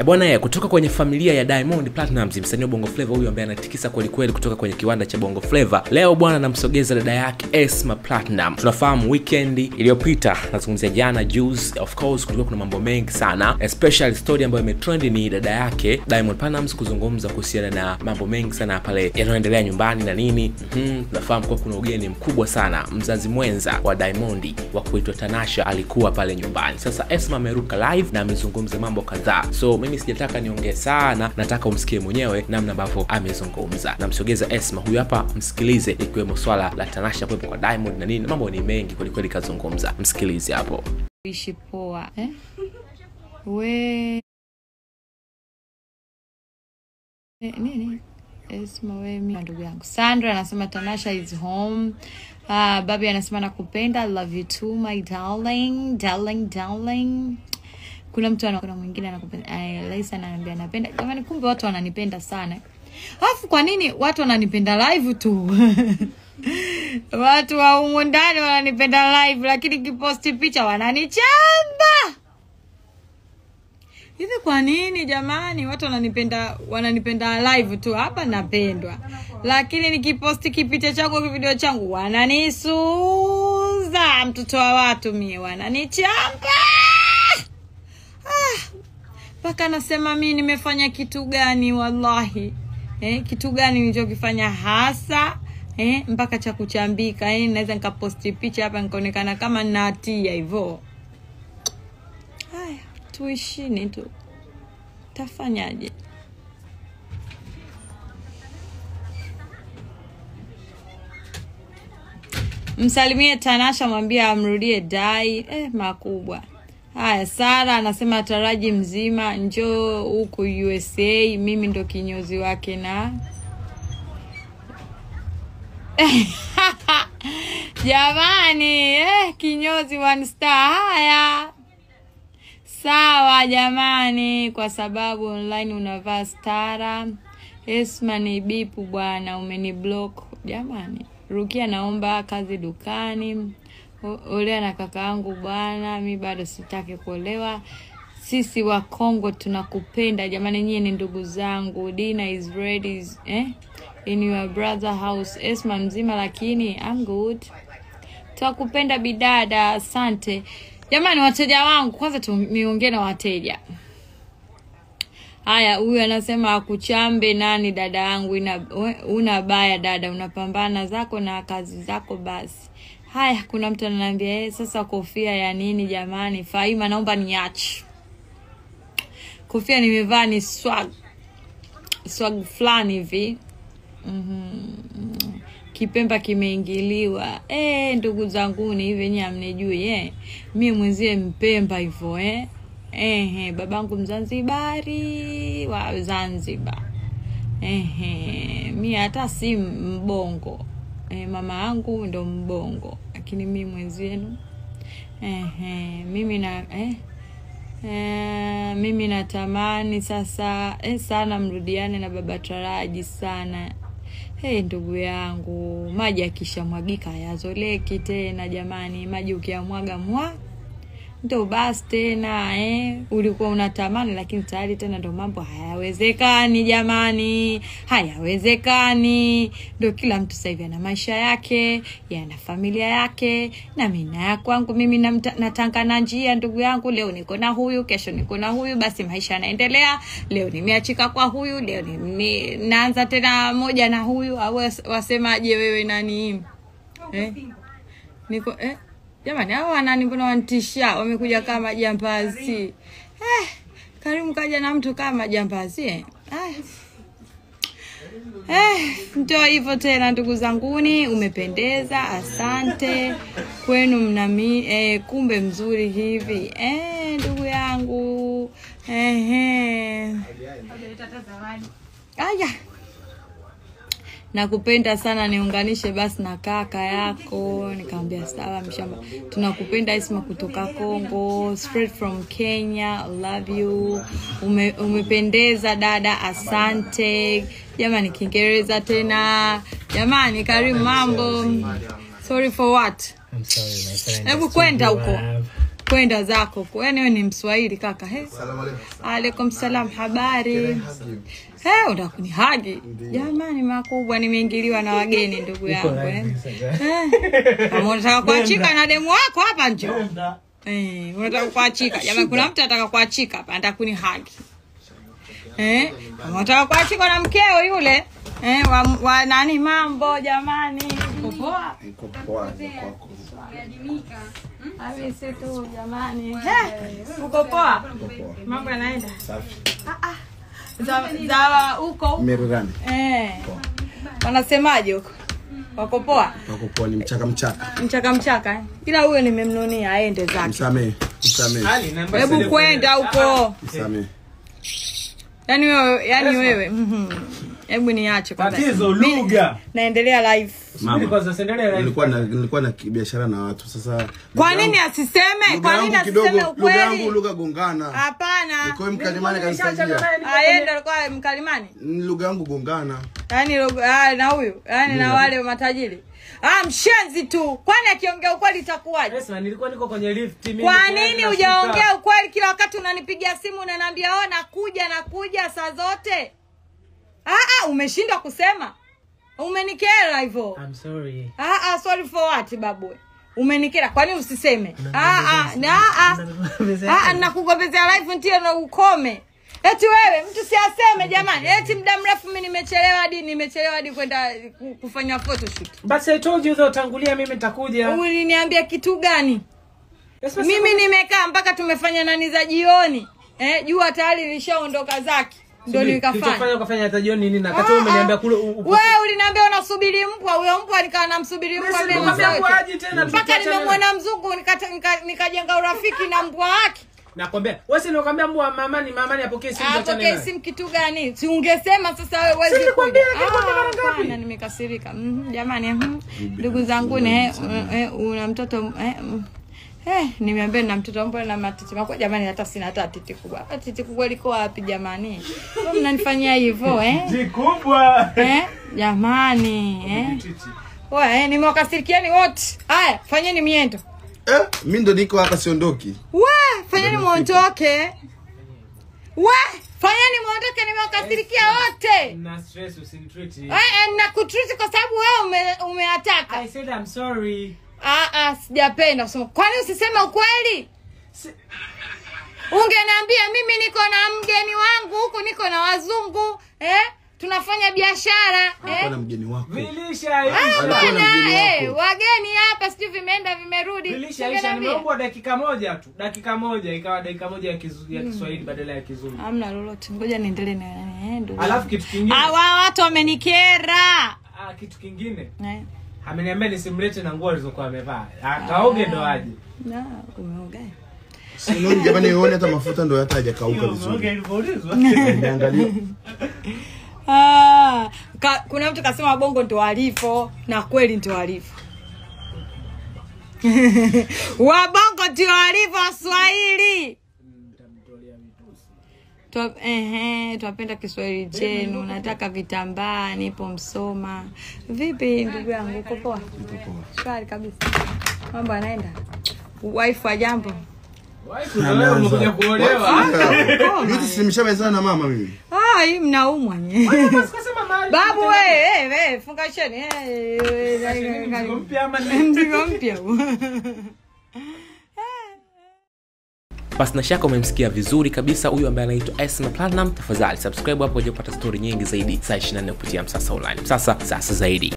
E bwana, eh, kutoka kwenye familia ya Diamond Platnumz, msanii wa Bongo Flava huyu ambaye anatikisa kweli kweli kutoka kwenye kiwanda cha Bongo Flava. Leo bwana, anamsogeza dada yake Esma Platinum. Tunafahamu weekend iliyopita, nazungumzia jana juice, of course kulikuwa kuna mambo mengi sana, especially story ambayo imetrend ni dada yake Diamond Platnumz kuzungumza kuhusiana na mambo mengi sana pale yanayoendelea nyumbani na nini. Mm, tunafahamu kuwa kuna ugeni mkubwa sana, mzazi mwenza wa Diamond wa kuitwa Tanasha alikuwa pale nyumbani. Sasa Esma ameruka live na amezungumza mambo kadhaa, so mimi sijataka niongee sana, nataka umsikie mwenyewe namna ambavyo amezungumza. Namsogeza Esma, huyu hapa, msikilize, ikiwemo swala la Tanasha kuwepo kwa Diamond na nini, mambo ni mengi kwelikweli, kazungumza, msikilize hapo. Ishi poa eh? We eh, nini Esma, we mimi ndugu yangu Sandra anasema Tanasha is home. Uh, babi anasema nakupenda, love you too my darling darling darling kuna mtu ana kuna mwingine anakupenda eh, anaambia anapenda jamani kumbe watu wananipenda sana alafu kwa nini watu wananipenda live tu watu wa humu ndani wananipenda live lakini kiposti picha wananichamba hivi kwa nini jamani watu wananipenda wananipenda live tu hapa napendwa lakini nikiposti kipicha changu kivideo changu wananisuza mtoto wa watu mie wananichamba mpaka nasema mi nimefanya kitu gani wallahi eh, kitu gani nilichokifanya hasa eh, mpaka cha kuchambika eh, naweza nikaposti picha hapa nikaonekana kama natia hivyo haya tuishini tu tafanyaje msalimie tanasha mwambie amrudie dai eh, makubwa Haya, Sara anasema Taraji mzima, njoo huku USA, mimi ndo kinyozi wake na jamani eh, kinyozi one star. Haya, sawa jamani, kwa sababu online unavaa stara. Esma ni bipu bwana, block jamani. Rukia, naomba kazi dukani ulea na kaka yangu bwana, mi bado sitaki kuolewa. Sisi wa Kongo tunakupenda jamani, nyie ni ndugu zangu. Dina is ready eh? in your brother house. Esma mzima, lakini I'm good. Twakupenda bidada, asante jamani. Wateja wangu kwanza tumiongee na wateja. Haya, huyu anasema akuchambe nani dada yangu, una, una baya dada, unapambana zako na kazi zako basi. Haya, kuna mtu ananiambia eh, sasa kofia ya nini jamani? Faima, naomba niache kofia nimevaa ni swag swag fulani hivi. mm -hmm. Kipemba kimeingiliwa e, ndugu zanguni hivi yenye amnijui ye eh. mi mwenzie Mpemba hivyo eh. Ehe, babangu Mzanzibari wa Zanzibar. mi hata si mbongo e, mama yangu ndo mbongo, lakini mi mwenzenu e, e, mimi na e, e, mimi natamani sasa e, sana mrudiane na baba Taraji sana. Hey, ndugu yangu, maji akishamwagika yazoleki tena jamani, maji ukiamwaga mwa ndo basi tena eh, ulikuwa unatamani lakini tayari tena ndo mambo hayawezekani, jamani, hayawezekani. Ndo kila mtu sasa hivi ana maisha yake, yana familia yake, na mimi na kwangu mimi natanga na njia, ndugu yangu, leo niko na huyu, kesho niko na huyu, basi maisha yanaendelea. Leo nimeachika kwa huyu, leo naanza tena moja na huyu, au wasemaje wewe nani? Eh? Niko eh? Jamani, hao wanani mbona wanitishia? Wamekuja kama majambazi eh. Karimu kaja na mtu kama majambazi eh. Ah. Eh, ndio hivyo tena ndugu zanguni, umependeza, asante kwenu mnami eh, kumbe mzuri hivi eh, ndugu yangu eh, eh. Aya nakupenda sana, niunganishe basi na kaka yako. Nikamwambia sawa, mshamba, tunakupenda Isma kutoka Kongo, straight from Kenya, love you. Ume, umependeza dada, asante jamani. Kiingereza tena jamani. karibu mambo. Sorry for what? I'm sorry, my friend. Hebu kwenda huko kwenda zako, yaani wewe ni Mswahili kaka. He, alaikum salam, habari he, unakuni hagi jamani, makubwa nimeingiliwa na wageni ndugu yangu. Eh? Eh? Kama unataka kuachika na demu wako hapa, njoo. Eh, unataka kuachika jamani, kuna mtu anataka kuachika hapa, anataka kuni hagi eh, kama unataka kuachika na mkeo yule eh, wa, wa nani mambo jamani, poa Hmm? Hamisi tu jamani, uko poa? Mambo yanaenda ah, ah. za huko Mererani eh. wanasemaje huko? Hmm. Wako poa? Wako poa, ni mchaka mchaka mchaka mchaka eh? Ila huyo nimemnunia aende zake, msamehe msamehe, hebu kwenda huko msamehe. Yani wewe, yani wewe, mhm hebu niache tatizo lugha naendelea live nilikuwa na biashara na watu sasa kwa nini asiseme kwa nini asiseme ukweli lugha gongana hapana mkalimani aenda alikuwa mkalimani lugha yangu gongana yani na huyu yani na wale matajiri Ah, mshenzi tu. Kwani akiongea ukweli itakuwaje? Yes, nilikuwa niko kwenye lift mimi. Kwa nini hujaongea ukweli kila wakati unanipigia simu unaniambia, "Oh, nakuja nakuja saa zote." Ah, ah, umeshindwa kusema umenikera hivyo I'm sorry. Ah, ah, sorry for what babu umenikera kwani usiseme nakugopezea live ntio na ukome eti wewe mtu siaseme jamani eti muda mrefu mimi nimechelewa hadi nimechelewa hadi kwenda kufanya photoshoot But i told you though tangulia mimi nitakuja uliniambia kitu gani mimi nimekaa mpaka tumefanya nani za jioni eh jua tayari lishaondoka zake ndio nikafanya ukafanya hata jioni nini na kati ah, umeniambia ah. kule wewe uliniambia unasubiri mpwa huyo mpwa nikawa namsubiri mpwa mimi mpaka nimemwona mzungu nikajenga urafiki na mpwa wake nakwambia wewe si nikwambia mbwa mama ni mama ni apokee simu za apokee simu kitu gani si ungesema sasa wewe wewe nilikwambia ah, hapana nimekasirika mm, jamani mm, ndugu zangu ni eh, eh, una mtoto eh, mm. Eh, nimeambia na mtoto mbona na matiti makubwa jamani, hata sina hata titi kubwa. Hata titi kubwa liko wapi jamani? Kwa mnanifanyia hivyo eh? Titi kubwa. Eh, jamani eh. Wewe eh, nimewakasirikiani wote. Haya, fanyeni miendo. Eh, mimi ndo niko hapa siondoki. Wa, fanyeni muondoke. Wa, fanyeni muondoke, nimewakasirikia wote. Na stress usinitreat. Eh, eh, na kutreat kwa sababu wewe umeataka. I said I'm sorry. Ah ah, sijapenda so. Kwani usisema ukweli? Si... Ungeniambia mimi niko na mgeni wangu huku niko na wazungu, eh? Tunafanya biashara eh? Mgeni wako vilisha ah, eh, wageni hapa sijui vimeenda vimerudi. Vilisha, nimeomba dakika moja tu, dakika moja ikawa dakika moja ya hmm. Kiswahili badala ya Kizungu. Hamna lolote, ngoja niendelee na eh, ndio. Alafu kitu kingine, hawa watu wamenikera. Ah, kitu kingine eh ameniambia nisimlete na nguo alizokuwa amevaa akaoge ndo ah, aje na umeoga Sinoni jamani, yone hata mafuta ndo hata hajakauka vizuri. Niangalie. Ah, ka, kuna mtu kasema bongo ndo walivyo na kweli ndo walivyo. Wabongo ndio walivyo Waswahili. Twa, twapenda Kiswahili chenu. Nataka vitambaa, nipo Msoma. Vipi ndugu yangu, uko poa? Shwari kabisa, mambo anaenda. waifu wa jambo nimeshamalizana na mama mimi. Ah, hii mnaumwa Babu we, fungasheni mzigo mpya Basi na shaka umemsikia vizuri kabisa huyu ambaye anaitwa sma Platinum. Tafadhali subscribe hapo kuja kupata stori nyingi zaidi saa 24 kupitia Msasa Online. Sasa sasa zaidi.